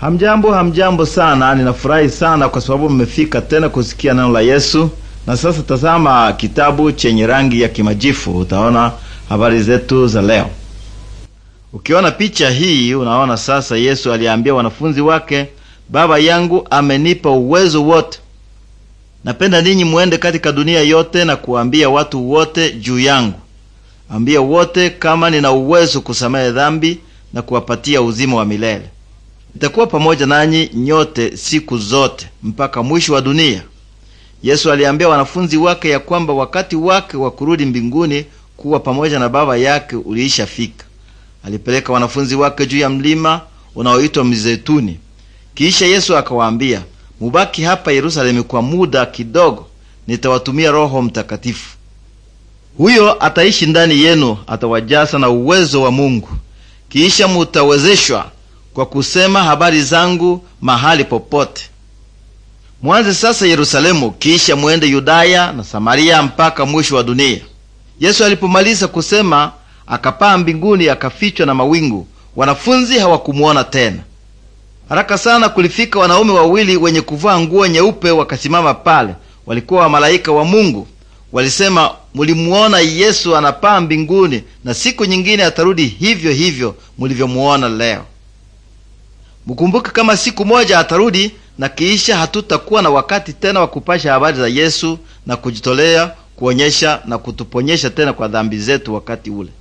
Hamjambo, hamjambo sana. Ninafurahi sana kwa sababu mmefika tena kusikia neno la Yesu. Na sasa tazama kitabu chenye rangi ya kimajifu, utaona habari zetu za leo. Ukiona picha hii, unaona sasa Yesu aliambia wanafunzi wake, Baba yangu amenipa uwezo wote, napenda ninyi muende katika dunia yote na kuambia watu wote juu yangu. Ambia wote kama nina uwezo kusamehe dhambi na kuwapatia uzima wa milele nitakuwa pamoja nanyi nyote siku zote mpaka mwisho wa dunia. Yesu aliambia wanafunzi wake ya kwamba wakati wake wa kurudi mbinguni kuwa pamoja na Baba yake uliisha fika Alipeleka wanafunzi wake juu ya mlima unaoitwa Mizeituni. Kisha Yesu akawaambia, mubaki hapa Yerusalemu kwa muda kidogo, nitawatumia Roho Mtakatifu. Huyo ataishi ndani yenu, atawajaza na uwezo wa Mungu. Kisha mutawezeshwa kwa kusema habari zangu mahali popote. Mwanze sasa Yerusalemu, kisha mwende Yudaya na Samaria mpaka mwisho wa dunia. Yesu alipomaliza kusema, akapaa mbinguni, akafichwa na mawingu. Wanafunzi hawakumuona tena. Haraka sana kulifika wanaume wawili wenye kuvaa nguo nyeupe, wakasimama pale. Walikuwa wamalaika wa Mungu. Walisema, mulimuona Yesu anapaa mbinguni, na siku nyingine atarudi hivyo hivyo mulivyomuona leo. Mkumbuke kama siku moja atarudi na kiisha hatutakuwa na wakati tena wa kupasha habari za Yesu na kujitolea kuonyesha na kutuponyesha tena kwa dhambi zetu wakati ule.